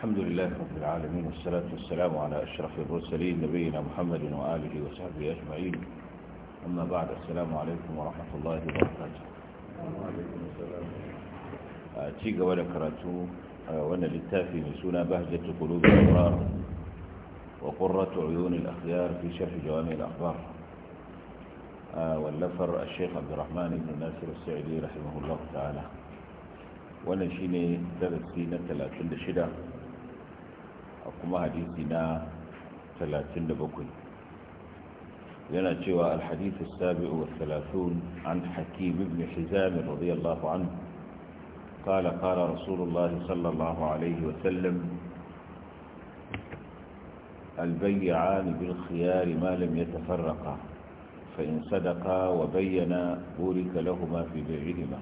الحمد لله رب العالمين والصلاة والسلام على أشرف المرسلين نبينا محمد وآله وصحبه أجمعين أما بعد السلام عليكم ورحمة الله وبركاته وعليكم السلام أتيك ولا كراتو وأنا للتافي نسونا بهجة قلوب الأبرار وقرة عيون الأخيار في شرح جوامع الأخبار واللفر الشيخ عبد الرحمن بن ناصر السعيدي رحمه الله تعالى wannan في نتلا كل 36 haka kuma hadisi na 37 لنا cewa الحديث السابع والثلاثون عن حكيم hakim حزام رضي الله عنه قال قال رسول الله صلى الله عليه وسلم البيعان بالخيار ما لم يتفرقا فإن صدقا وبينا بورك لهما في بيعهما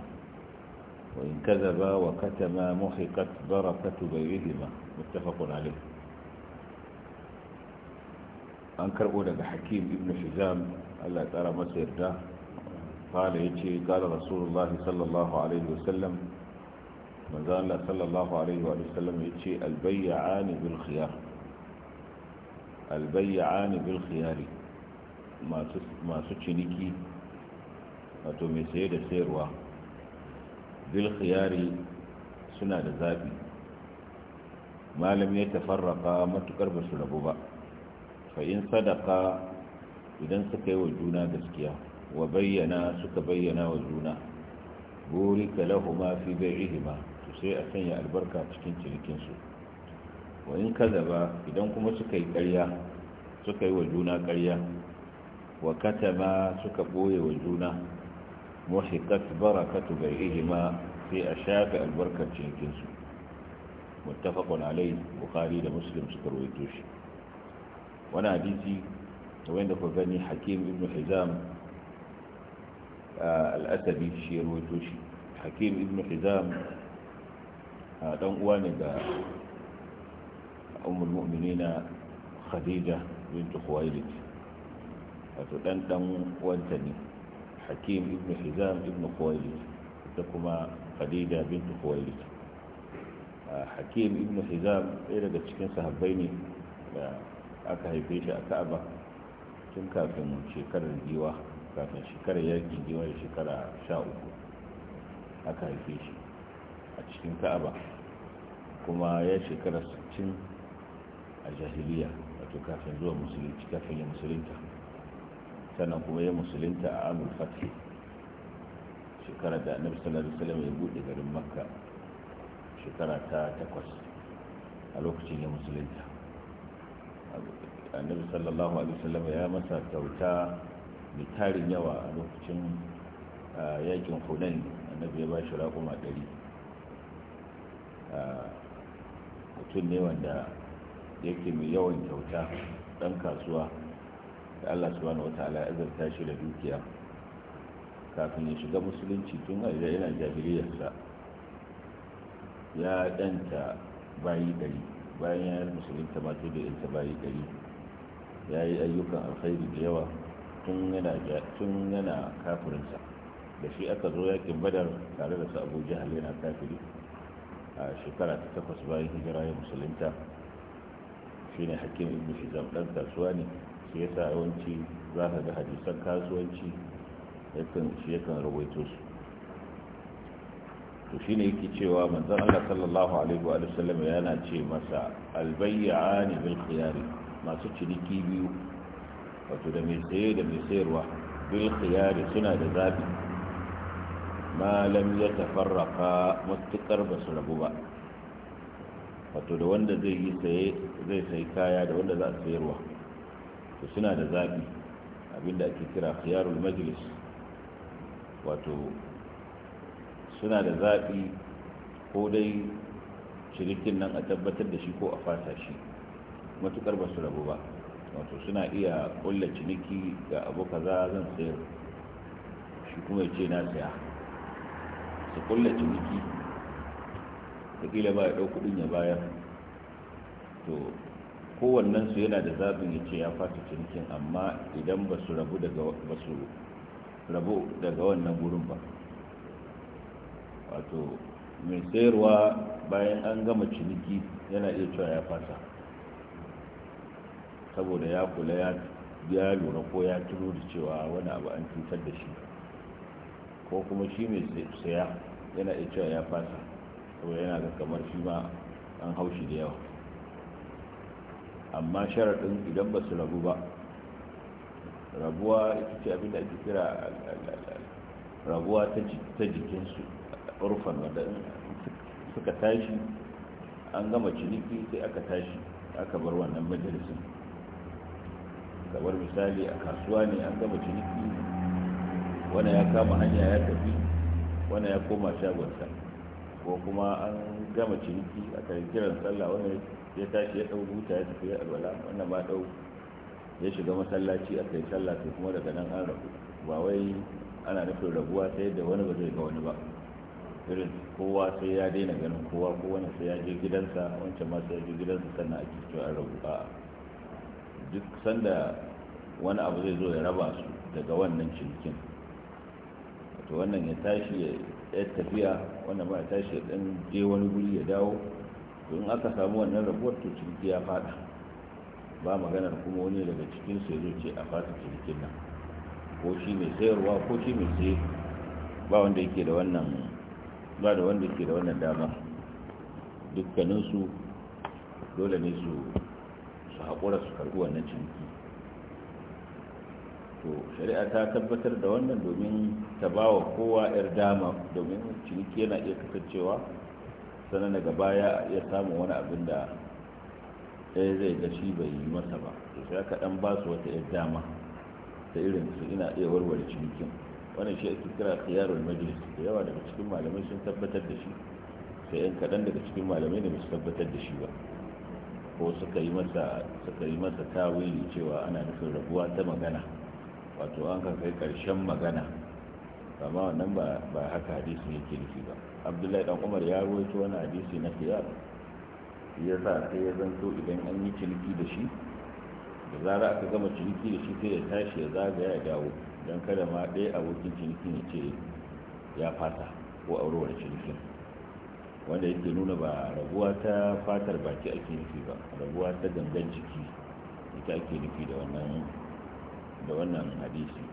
وإن كذبا وكتما محقت بركة بيعهما متفق عليه an karbo daga hakim ibn hizam Allah ya tsara masa yarda fara ya ce kala rasulullahi sallallahu alaihi wasallam manzo Allah sallallahu alaihi wasallam ya ce albayyani bil khiyar albayyani bil khiyari masu masu ciniki wato mai saye da sayarwa bil khiyari suna da zabi malam ya tafarraka matukar ba su rabu ba fa'in sadaka idan suka yi wa juna gaskiya wa bayyana suka bayyana wa juna buri ka ma fi bai'ihima to sai a sanya albarka cikin cinikinsu wa in kazaba idan kuma suka yi ƙarya suka yi wa juna ƙarya wa katama suka ɓoye wa juna muhiqat barakatu ihima sai a shafe albarkar cinikinsu muttafaqun alayhi bukhari da muslim suka rawaito shi wani hadisi wanda ku gani hakim ibn hizam al'asabi shi ya shi hakim ibn hizam dan uwa ne ga umar na khadija bint khuwailid wato dan dan uwanta ne hakim ibn hizam ibn khuwailid da kuma khadija bint khuwailid hakim ibn hizam ɗaya daga cikin sahabbai ne aka haife shi a ka'aba tun kafin shekarar giwa kafin shekarar yakin giwa da shekara sha uku aka haife shi a cikin ka'aba kuma ya shekara sittin a jahiliya wato kafin zuwa musulunci kafin ya musulunta sannan kuma ya musulunta a amur fatih shekara da annabi sallallahu alaihi wasallam ya bude garin makka shekara ta takwas a lokacin ya musulunta annabi sallallahu alaihi wasallam ya masa kyauta mai tarin yawa a lokacin yakin hunain annabi ya ba shi raƙuma ɗari mutum ne wanda yake mai yawan kyauta ɗan kasuwa da allah subhanahu wa ta'ala ya zarta shi da dukiya kafin ya shiga musulunci tun a yana jahiliyarsa ya danta bayi ɗari bayan ya yi musulunta ma da yanta bayi gari ya yi ayyukan alkhairi da yawa tun yana kafirinsa da shi aka zo yakin badar tare da su abu jihar yana kafiri a shekara ta takwas bayan hijira ya musulunta shi ne hakim ibn shizam ɗan kasuwa ne shi yawanci za ka ga hadisan kasuwanci shi yakan rawaito su to shine yake cewa manzon Allah sallallahu alaihi wa sallam yana ce masa albayya bil khiyari masu ciniki biyu wato da mai saye da mai sayarwa bil khiyari suna da zabi ma lam yatafarraqa mutakar basu rabu ba wato da wanda zai yi saye zai sayi kaya da wanda za a sayarwa to suna da zabi abinda ake kira khiyarul majlis wato suna da zaɓi ko dai shirikin nan a tabbatar da shi ko a fasa shi matuƙar ba su rabu ba wato suna iya ƙulla ciniki ga abu kaza zan sayar shi kuma ya ce na saya su ƙulla ciniki ƙila ba ya ɗau kuɗin ya bayar to kowannen su yana da zaɓin ya ce ya fasa cinikin amma idan ba su rabu daga wannan gurin ba to mai sayarwa bayan an gama ciniki yana iya cewa ya fasa saboda ya kula ya lura ko ya tuno da cewa wani abu an cutar da shi ko kuma shi mai saya yana iya cewa ya fasa saboda yana ga kamar shi ma an haushi da yawa amma sharaɗin idan ba su rabu ba rabuwa ita ce abin da ake kira rabuwa ta jikinsu urfan da suka tashi an gama ciniki sai aka tashi aka bar wannan majalisun kamar misali a kasuwa ne an gama ciniki wani ya kama hanya ya tafi wani ya koma shagonsa ko kuma an gama ciniki a kiran sallah wani ya tashi ya ɗau buta ya tafi ya alwala wannan ma ɗau ya shiga masallaci a kai sallah sai kuma daga nan an rabu ba wai ana nufin rabuwa ta yadda wani ba zai ga wani ba irin kowa sai ya daina ganin kowa ko wani sai ya je gidansa wancan ma sai ya je gidansa sannan ake cewa an rabu a duk sanda wani abu zai zo ya raba su daga wannan cinikin to wannan ya tashi ya tafiya wannan ba ya tashi ya dan je wani guri ya dawo to in aka samu wannan rabuwar to ciniki ya fada ba maganar kuma wani daga cikin su ya zo ce a fata cinikin nan ko shi mai sayarwa ko shi mai saye ba wanda yake da wannan ba da wanda ke da wannan dama dukkaninsu dole ne su su haƙura su karɓi wannan ciniki to shari'a ta tabbatar da wannan domin ta ba wa kowa 'yar dama domin ciniki yana iya kasancewa sannan daga baya ya samun wani abin da ɗaya zai ga bai yi masa ba to sai ka ɗan ba su wata 'yar dama da irin su ina iya warware cinikin wannan shi ake kira khiyarul majlis da yawa daga cikin malamai sun tabbatar da shi sai yan kaɗan daga cikin malamai da su tabbatar da shi ba ko suka yi masa suka yi masa tawili cewa ana nufin rabuwa ta magana wato an kan kai ƙarshen magana amma wannan ba ba haka hadisi yake nufi ba abdullahi dan umar ya rawaito wani hadisi na khiyar ya sa sai ya zanto idan an yi ciniki da shi da zara aka gama ciniki da shi sai ya tashi ya zagaya ya dawo don kada ma ɗaya abokin ciniki ne ce ya fata ko da cinikin wanda yake nuna ba rabuwa ta fatar baki ake nufi ba rabuwa ta gangan jiki ita ake nufi da wannan da wannan hadisi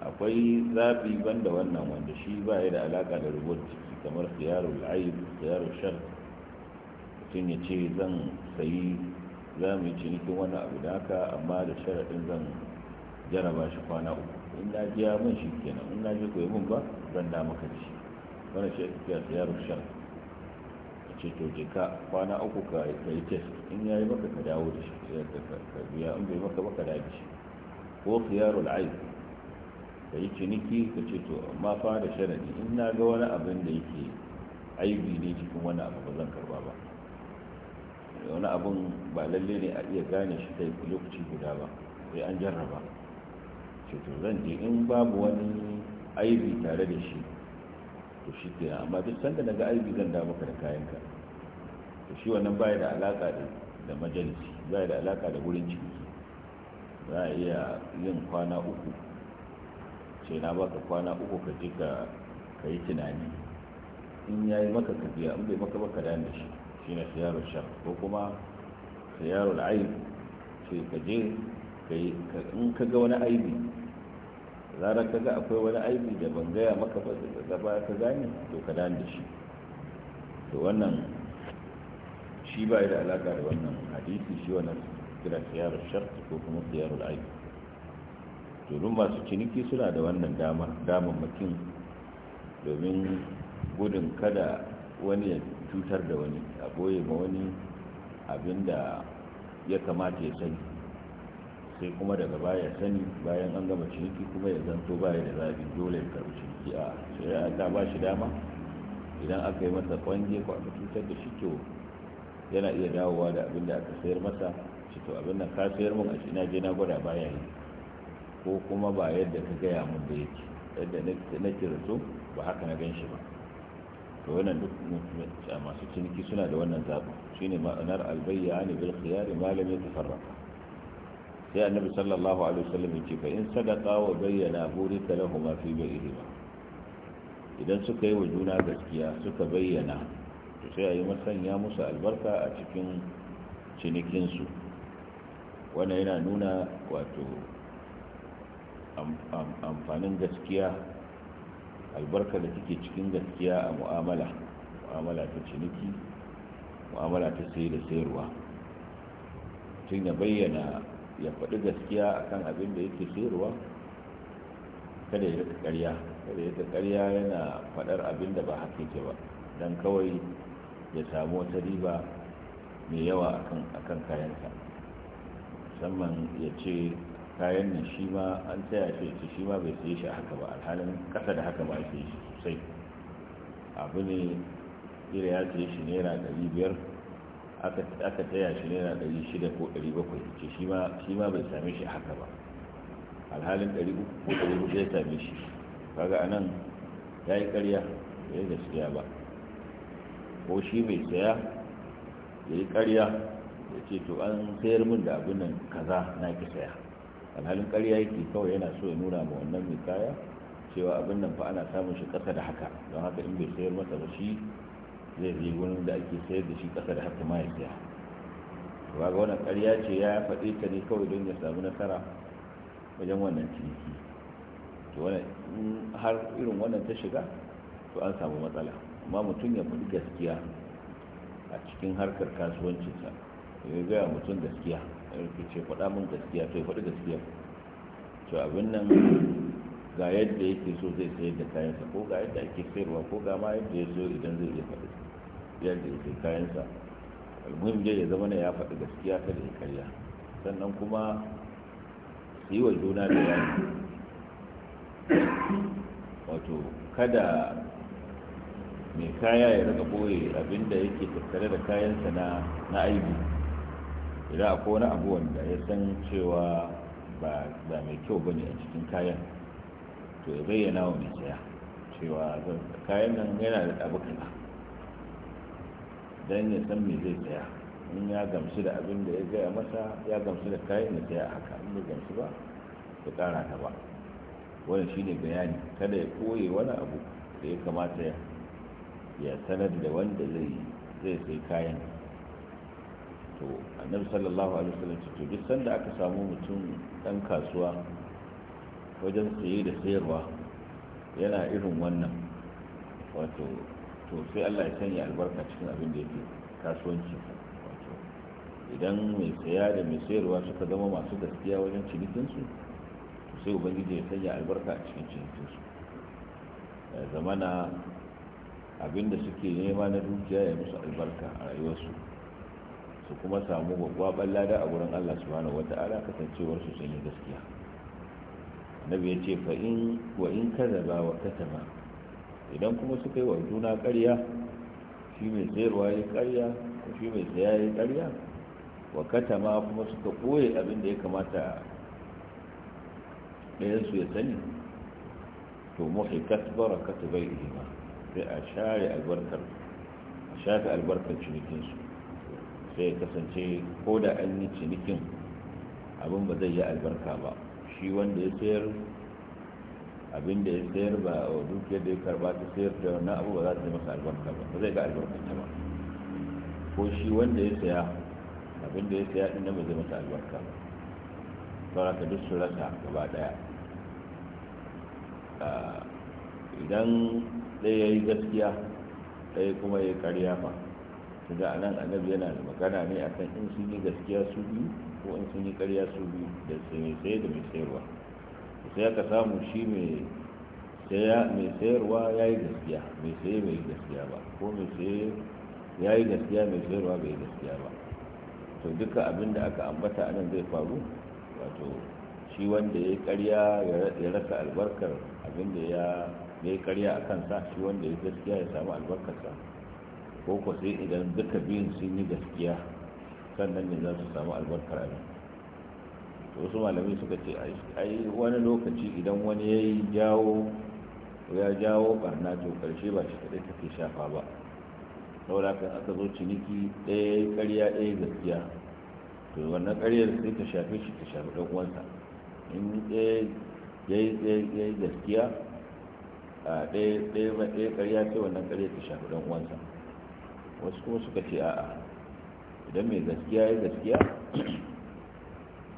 akwai zaɓi da wannan wanda shi ba ya da alaƙa da rubuwar jiki kamar siyarul ayyub siyarul shar mutum ya ce zan sayi za mu yi cinikin wani abu da haka amma da sharaɗin zan jaraba shi kwana uku in na ya mun shi kenan in na ji ko mun ba zan da maka shi wani shi ake da yaro shan a ce to je ka kwana uku ka yi test in ya yi maka ka dawo da shi ka biya in bai maka ba ka da shi ko siyarul aib ka yi ciniki ka ce to amma fa da sharaɗi in na ga wani abin da yake aibi ne cikin wani abu ba zan karba ba wani abun ba lalle ne a iya gane shi kai lokaci guda ba sai an jarraba to zan je in babu wani aibi tare da shi to shi ke amma duk sanda daga aibi zan da muka da kayanka to shi wannan baya da alaka da majalisi baya da alaka da wurin ciki za a iya yin kwana uku ce na baka kwana uku ka je ka yi tunani in yayi maka ka biya in bai maka baka da shi shi ne siyarar shar ko kuma siyarar aibi ce ka je in ka ga wani aibi zarar ka ga akwai wani aibi da ban gaya maka ba da gaba ka gane to ka dan da shi to wannan shi ba da alaka da wannan hadisi shi wannan kira siyarar shar ko kuma siyarar aibi domin masu ciniki suna da wannan damar damammakin domin gudun kada wani ya cutar da wani a goye ma wani abinda ya kamata ya sani sai kuma daga baya sani bayan an gama ciniki kuma ya zanto baya da zafi dole ya karɓi ciniki a shari'a ta ba shi dama idan aka yi masa kwange ko aka cutar da shi to yana iya dawowa da abin da aka sayar masa shi to abin nan ka sayar mun a shi na je na gwada baya yi ko kuma ba yadda ka gaya mun da yake yadda na kirto ba haka na gan shi ba to wannan duk masu ciniki suna da wannan zaɓin shi ne ma'anar albayya ne bil khiyari malam ya tafarraka sai annabi sallallahu alaihi wasallam ya ce fa in sadaqa wa bayyana burika lahum fi bayyihima idan suka yi wa juna gaskiya suka bayyana to sai a yi masanya musu albarka a cikin cinikinsu wannan yana nuna wato amfanin gaskiya albarka da take cikin gaskiya a mu'amala mu'amala ta ciniki mu'amala ta sai da sayarwa tun ya bayyana ya faɗi gaskiya a kan abin da yake sayarwa kada ya rika ƙarya kada ya rika ƙarya yana faɗar abin da ba haka yake ba don kawai ya samu wata riba mai yawa a kan kayansa musamman ya ce kayan nan shi ma an taya shi ce shi ma bai siye shi a haka ba alhalin kasa da haka ba a siye shi sosai abu ne ira ya siye shi naira ɗari biyar aka taya shi naira ɗari shida ko ɗari bakwai ce shi ma bai same shi a haka ba alhalin ɗari uku ko ɗari hudu ya same shi kaga a nan ya yi ƙarya bai gaskiya ba ko shi mai saya ya yi ƙarya ya ce to an sayar min da abin nan kaza na ki saya alhalin karya yake kawai yana so ya nuna ma wannan mai kaya cewa abin nan fa ana samun shi kasa da haka don haka in bai sayar masa ba shi zai je wurin da ake sayar da shi kasa da haka mahaifiya ya ga wannan ƙarya ce ya faɗi ta ne kawai don ya samu nasara wajen wannan ciniki to wannan har irin wannan ta shiga to an samu matsala amma mutum ya faɗi gaskiya a cikin harkar kasuwancinsa ya gaya mutum gaskiya ya ce faɗa min gaskiya to ya faɗi gaskiya to abin nan ga yadda yake so zai sayar da kayansa ko ga yadda ake sayarwa ko ga ma yadda ya so idan zai iya faɗi yadda ya sai kayansa muhim dai ya zama na ya faɗi gaskiya ta da karya sannan kuma su yi wa juna da yani wato kada mai kaya ya rika boye abinda yake tattare da kayansa na aibi idan akwai wani abu wanda ya san cewa ba mai kyau ba ne a cikin kayan to ya bayyana wa mai saya cewa kayan nan yana da abu don ya san me zai saya in ya gamsu da abin da ya gaya masa ya gamsu da kayan ya saya haka in ya gamsu ba ya kara ta ba wannan shine bayani kada ya koye wani abu da ya kamata ya sanar da wanda zai sai kayan to annabi sallallahu alaihi wasallam to duk sanda aka samu mutum dan kasuwa wajen saye da sayarwa yana irin wannan wato to sai Allah ya sanya albarka cikin abin da yake kasuwanci wato idan mai saya da mai sayarwa suka zama masu gaskiya wajen cinikinsu to sai ubangiji ya sanya albarka a cikin cinikinsu zamana abin da suke nema na dukiya ya musu albarka a rayuwarsu su kuma samu babban lada a wurin Allah subhanahu wata'ala kasancewar su sun yi gaskiya annabi ya ce fa in wa in kadaba wa katama idan kuma suka yi wa juna ƙarya shi mai sayarwa ya ƙarya ko shi mai saya ya ƙarya wa katama kuma suka ɓoye abin da ya kamata ɗayansu ya sani to muhikat barakatu bai ilima sai a share albarkar a shafi albarkar cinikinsu sai ya kasance ko da an yi cinikin abin ba zai yi albarka ba shi wanda ya sayar abin da ya sayar ba a dukiyar da ya karba ta sayar da wannan abu ba za ta yi masa albarka ba ba zai ga ta ba ko shi wanda ya saya abin da ya saya din nan ba zai masa albarka ba saura ka duk surata gaba daya idan ɗaya ya yi gaskiya ɗaya kuma ya yi karya ba ga anan annabi yana da magana ne akan in sun yi gaskiya su biyu ko in sun yi ƙarya su biyu da mai sai da mai sayarwa sai aka samu shi mai sayarwa ya yi gaskiya mai saye bai yi gaskiya ba ko mai saye ya yi gaskiya mai sayarwa bai yi gaskiya ba to duka abin da aka ambata anan zai faru wato shi wanda ya yi ƙarya ya rasa albarkar abin da ya yi ƙarya a kansa shi wanda ya gaskiya ya samu albarkarsa ko ko sai idan duka biyun sun yi gaskiya sannan ne za su samu albarkar abin to wasu malamai suka ce ai wani lokaci idan wani ya yi jawo ya jawo barna to karshe ba shi kadai take shafa ba saboda kan aka zo ciniki ɗaya ƙarya ɗaya gaskiya to wannan karyar sai ta shafe shi ta shafi ɗan uwansa in ɗaya ya yi gaskiya a ɗaya ɗaya ƙarya ce wannan ƙarya ta shafi ɗan uwansa wasu kuma suka ce a'a idan mai gaskiya ya gaskiya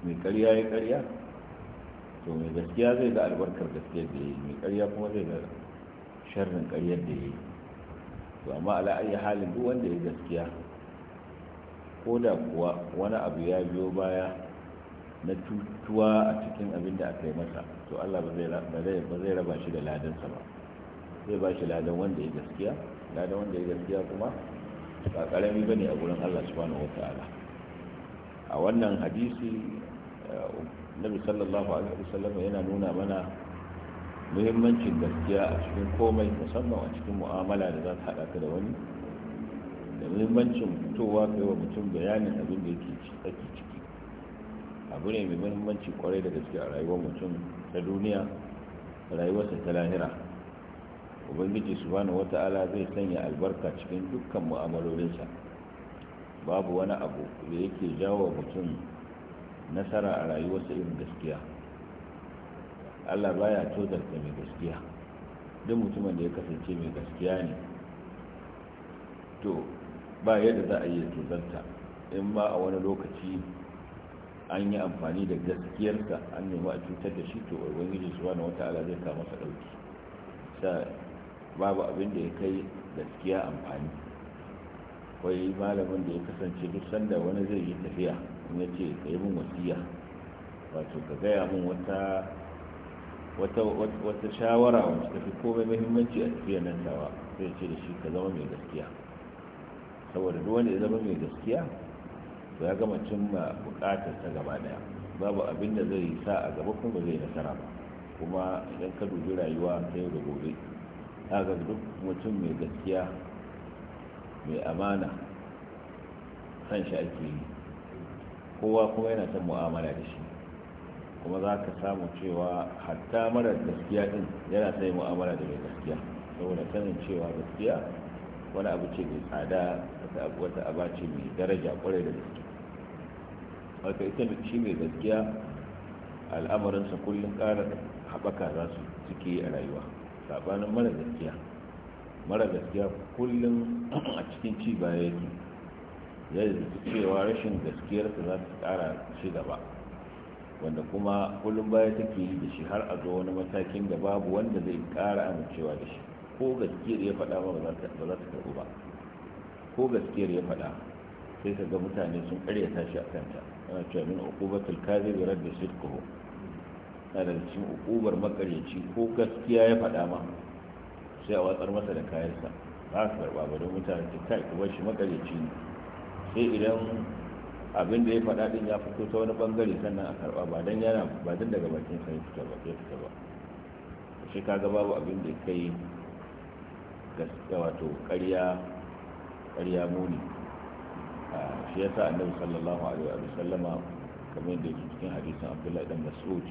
mai karya ya karya to mai gaskiya zai ga albarkar gaskiyar da yi mai karya kuma zai ga sharrin karyar da yi to amma ala ayi halin duk wanda ya gaskiya ko da kuwa wani abu ya biyo baya na tutuwa a cikin abin da aka yi masa to allah ba zai raba shi da ladansa ba zai ba shi ladan wanda ya gaskiya ladan wanda ya gaskiya kuma ba karami ne a gurin Allah subhanahu ta'ala a wannan hadisi eh, nabi sallallahu alaihi wasallam yana nuna mana muhimmancin gaskiya a cikin komai musamman a cikin mu'amala da za ta hada ka da wani da muhimmancin fitowa kai wa mutum bayanin abin da yake ake ciki abu ne mai muhimmanci kwarai da gaske a rayuwar mutum ta duniya rayuwarsa ta lahira ubangiji subhanahu wata'ala zai sanya albarka cikin dukkan mu'amalolinsa babu wani abu da yake jawo mutum nasara a rayuwarsa irin gaskiya Allah baya da mai gaskiya duk mutumin da ya kasance mai gaskiya ne to ba yadda za a iya tozarta in ba a wani lokaci an yi amfani da gaskiyarsa an nemi a cutar da shi to ubangiji subhanahu wata'ala zai kama sa dauki babu abin da ya kai gaskiya amfani kwai malamin da ya kasance duk sanda wani zai yi tafiya in ya ce ka yi min wasiya wato ka gaya min wata wata wata shawara wacce tafi komai mahimmanci a tafiyar nan tawa sai ce da shi ka zama mai gaskiya saboda duk wanda ya zama mai gaskiya to ya gama cimma bukatar ta gaba daya babu abin da zai sa a gaba kuma zai nasara ba kuma idan ka dubi rayuwa ta yau da gobe kaga duk mutum mai gaskiya mai amana kan shi ake yi kowa kuma yana son mu'amala da shi kuma za ka samu cewa hatta marar gaskiya din yana son mu'amala da mai gaskiya saboda sanin cewa gaskiya wani abu ce mai tsada wata aba ce mai daraja kwarai da gaske wata ita shi mai gaskiya al'amarinsa kullum ƙara haɓaka za su suke a rayuwa sabanin mara gaskiya mara gaskiya kullum a cikin ci baya yake zai zai cewa rashin gaskiyarsa za ta kara shi gaba wanda kuma kullum baya take yi da shi har a zo wani matakin da babu wanda zai kara amincewa da shi ko gaskiyar ya faɗa ba ba za ta karɓu ba ko gaskiyar ya faɗa sai ka ga mutane sun karya shi a kanta ana cewa min uqubatul kadhib radda sidquhu na daga cikin hukumar makaryaci ko gaskiya ya faɗa ma sai a watsar masa da kayansa ba su karɓa ba don mutane ta kai kuma shi makaryaci ne sai idan abin da ya faɗa ɗin ya fito ta wani ɓangare sannan a karɓa ba don yana ba don daga bakin sai fita ba sai fita ba shi kaga babu abin da ya kai gaskiya wato ƙarya ƙarya muni shi yasa annabi sallallahu alaihi wa sallama kamar da yake cikin hadisin abdullahi dan mas'ud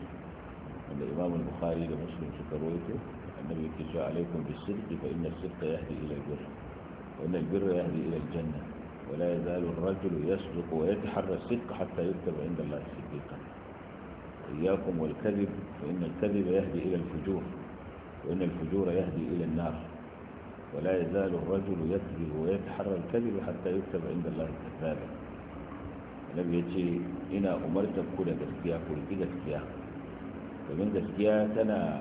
عند الإمام البخاري لمسلم في شكرويته النبي يتجع عليكم بالصدق فإن الصدق يهدي إلى البر وإن البر يهدي إلى الجنة ولا يزال الرجل يصدق ويتحرى الصدق حتى يكتب عند الله صديقا إياكم والكذب فإن الكذب يهدي إلى الفجور وإن الفجور يهدي إلى النار ولا يزال الرجل يكذب ويتحرى الكذب حتى يكتب عند الله كذابا. النبي يجي إنا أمرتك كل دفتيا كل دفتيا domin gaskiya tana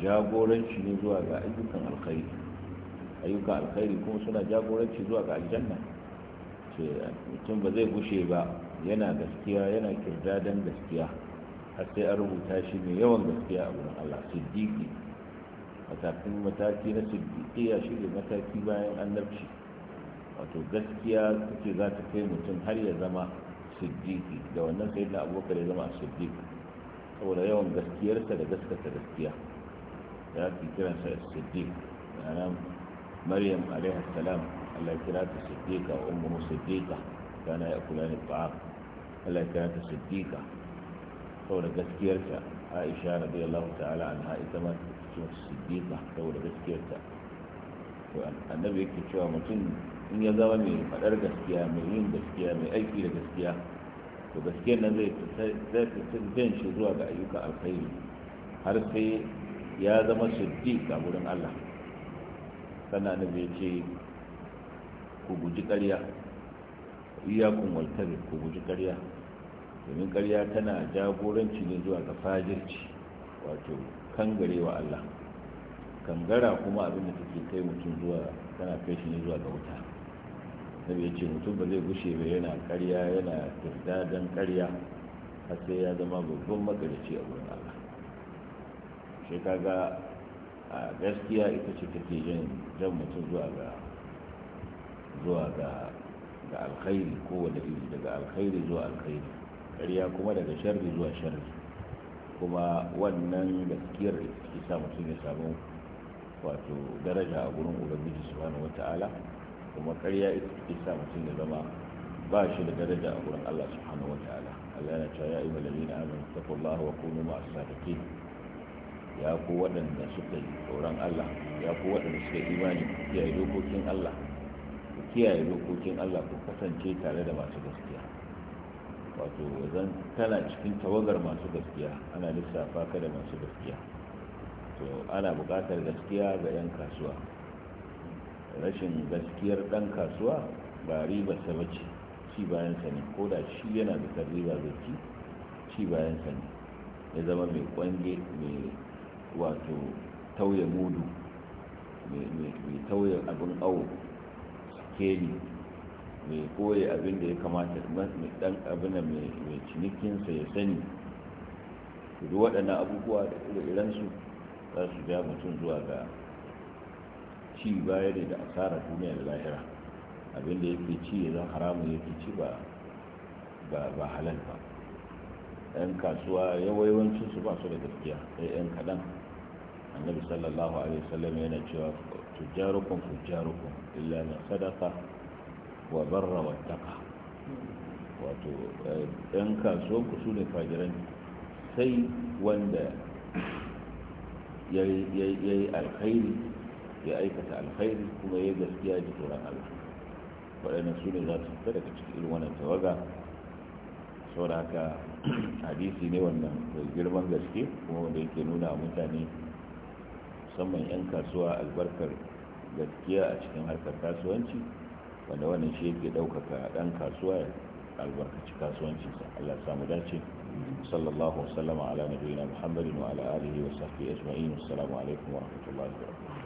jagoranci ne zuwa ga ayyukan alkhairi ayyukan alkhairi kuma suna jagoranci zuwa ga aljanna ce mutum ba zai gushe ba yana gaskiya yana kirdadan gaskiya har sai an rubuta shi mai yawan gaskiya a wurin Allah siddiqi matakin mataki na siddiqiya shi ne mataki bayan annabci wato gaskiya kuke za ta kai mutum har ya zama siddiqi da wannan sai da abubakar ya zama siddiqi حول يوم تذكيرك لدسك تذكير لكن كما سيصديق مريم عليها السلام التي كانت صديقة وأمه صديقة كان يأكلان الطعام التي كانت صديقة حول تذكيرك عائشة رضي الله تعالى عنها إتما تكون صديقة حول تذكيرك النبي كتشوى متن إن يضرني مين سكيا مين بسكيا مأيكي لكسكيا to gaske nan zai zai shi zuwa ga ayyukan alkhairi har sai ya zama siddiq a wurin Allah sannan na bai ce ku guji ƙarya iyakun waltari ku guji ƙarya domin ƙarya tana jagoranci ne zuwa ga fajirci wato kangarewa Allah kangara kuma abin da take kai mutum zuwa tana kai shi ne zuwa ga wuta nabi ya ce mutum ba zai gushe ba yana karya yana kirda don karya har sai ya zama babban makarici a wurin Allah shi kaga a gaskiya ita ce take jan jan mutum zuwa ga zuwa ga ga alkhairi ko wanda iri daga alkhairi zuwa alkhairi karya kuma daga sharri zuwa sharri kuma wannan gaskiyar ita ke sa mutum ya samu wato daraja a gurin ubangiji subhanahu wata'ala kuma ƙarya ita take sa mutum ya zama ba shi da daraja a wurin Allah subhanahu wa ta'ala Allah ya ce ya ayyuhal ladina amanu taqullaha wa kunu ma'as sadiqin ya ku waɗanda suka yi tsoron Allah ya ku waɗanda suka yi imani ku kiyaye dokokin Allah ku kiyaye dokokin Allah ku kasance tare da masu gaskiya wato wajen tana cikin tawagar masu gaskiya ana lissafa ka da masu gaskiya to ana buƙatar gaskiya ga 'yan kasuwa rashin gaskiyar ɗan kasuwa ba riba ba bace ci bayan ne ko da shi yana da riba zai ci ci bayansa ne ya zama mai kwange mai wato tauye mudu mai tauye abin awo keli mai koye abin da ya kamata mai dan abin mai cinikinsa ya sani duk waɗannan abubuwa da irin su za su ja mutum zuwa ga ci baya ne da asarar duniya da lahira abinda yake ci ya zan haramun yake ci ba ba halal ba yan kasuwa yawancin su ba su da gaskiya sai yan kaɗan annabi sallallahu alaihi wasallam yana cewa tujjarukun tujjarukun illa na sadaka wa barra wa taqa wato eh, yan kasuwan ku ne fajiran sai wanda ya yi alkhairi ya aikata alkhairi kuma ya gaskiya ji tsoron Allah waɗannan su ne za su fita daga cikin irin wannan tawaga saboda haka hadisi ne wannan mai girman gaske kuma wanda yake nuna mutane musamman 'yan kasuwa albarkar gaskiya a cikin harkar kasuwanci wanda wannan shi yake ɗaukaka ɗan kasuwa albarkaci kasuwanci Allah samu dace sallallahu wasallama ala nabiyina muhammadin wa ala alihi wa sahbihi ajma'in assalamu alaikum wa rahmatullahi wa barakatuh